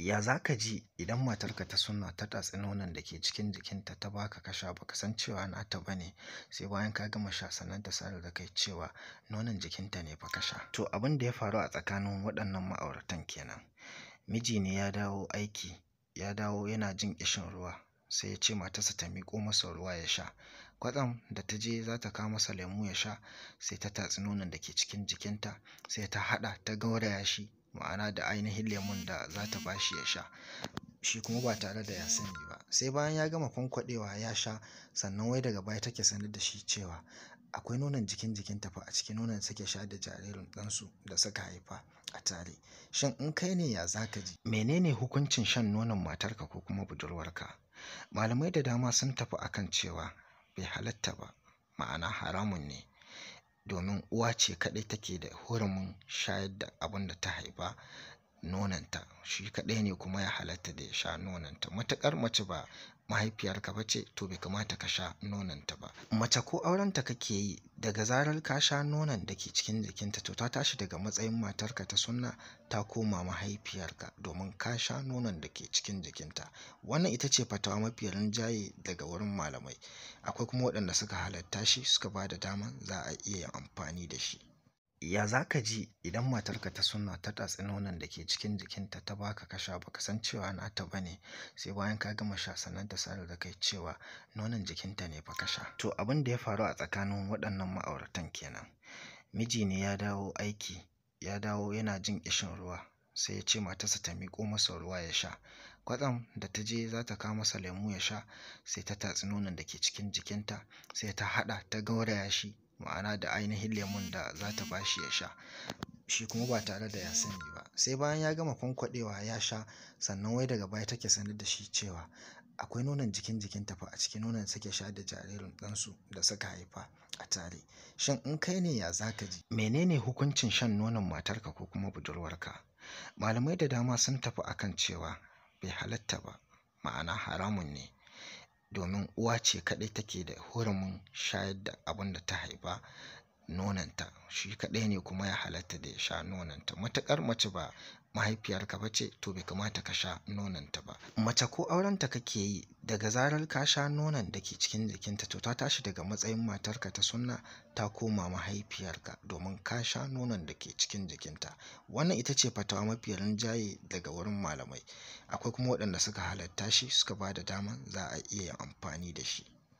ya za ka ji idan matarka ta suna ta tatsi nonon da ke cikin jikinta ta baka kasha Ba baka san cewa nata bane sai bayan ka gama sha sannan ta sanar da kai cewa nonon jikinta ne fa ka sha to abin da ya faru a tsakanin waɗannan ma'auratan kenan miji ne ya dawo aiki ya dawo yana jin ƙishin ruwa sai ya ce matarsa ta miƙo masa ruwa ya sha kwatsam da ta je za ta kawo masa lemu ya sha sai ta tatsi nonon da ke cikin jikinta sai ta haɗa ta gauraya shi ma'ana da ainihin lemun da za ta ba shi ya sha shi kuma ba tare da ya sani ba sai bayan ya gama kwankwaɗewa ya sha sannan wai daga baya take sanar da shi cewa akwai nonon jikin jikin tafa a cikin nonon suke sha da jaririn ɗansu da suka haifa a tare shin in kai ne ya zaka ji menene hukuncin shan nonon matarka ko kuma budurwarka malamai da dama sun tafi akan cewa bai halatta ba ma'ana haramun ne domin uwa ce kaɗai take da hurumin shayar da abin da ta haifa nonanta shi kaɗai ne kuma ya halatta da ya sha nonanta matuƙar mace ba mahaifiyarka ba ce to bai kamata ka sha nonanta ba mace ko aurenta kake yi daga zarar ka sha nonon da ke cikin jikinta to ta tashi daga matsayin matarka ta sunna ta koma mahaifiyarka domin ka sha nonon da ke cikin jikinta wannan ita ce fatawa mafi rinjaye daga wurin malamai akwai kuma waɗanda suka halatta shi suka ba da dama za a iya yin amfani da shi ya za ka ji idan matarka ta suna ta tatsi nonon da ke cikin jikinta ta baka ka sha baka san cewa nata ba ne sai bayan ka gama sha sannan ta sanar da kai cewa nonon jikinta ne fa kasha. to abin da ya faru a tsakanin waɗannan ma'auratan kenan miji ne ya dawo aiki ya dawo yana jin ƙishin ruwa sai ya ce matarsa ta miƙo masa ruwa ya sha kwatsam da ta je za ta kawo masa lemu ya sha sai ta tatsi nonon da ke cikin jikinta sai ta haɗa ta gauraya shi ma'ana da ainihin lemun da za ta ba shi ya sha shi kuma ba tare da ya sani ba sai bayan ya gama kwankwaɗewa ya sha sannan wai daga baya take sanar da shi cewa akwai nonon jikin jikin tafa a cikin nonon suke sha da jaririn ɗansu da suka haifa a tare shin in kai ne ya za ka ji menene hukuncin shan nonon matarka ko kuma budurwarka malamai da dama sun tafi akan cewa bai halatta ba ma'ana haramun ne domin uwa ce kaɗai take da hurumin shayar da abin da ta haifa nononta shi kaɗai ne kuma ya halatta da ya sha nononta matuƙar mace ba mahaifiyarka ba ce to bai kamata ka sha nononta ba mace ko aurenta kake yi daga zarar ka sha nonon da ke cikin jikinta to ta tashi daga matsayin matarka ta sunna ta koma mahaifiyarka domin ka sha nonon da ke cikin jikinta wannan ita ce fatawa mafi rinjaye daga wurin malamai akwai kuma waɗanda suka halatta shi suka ba da dama za a iya yin amfani da shi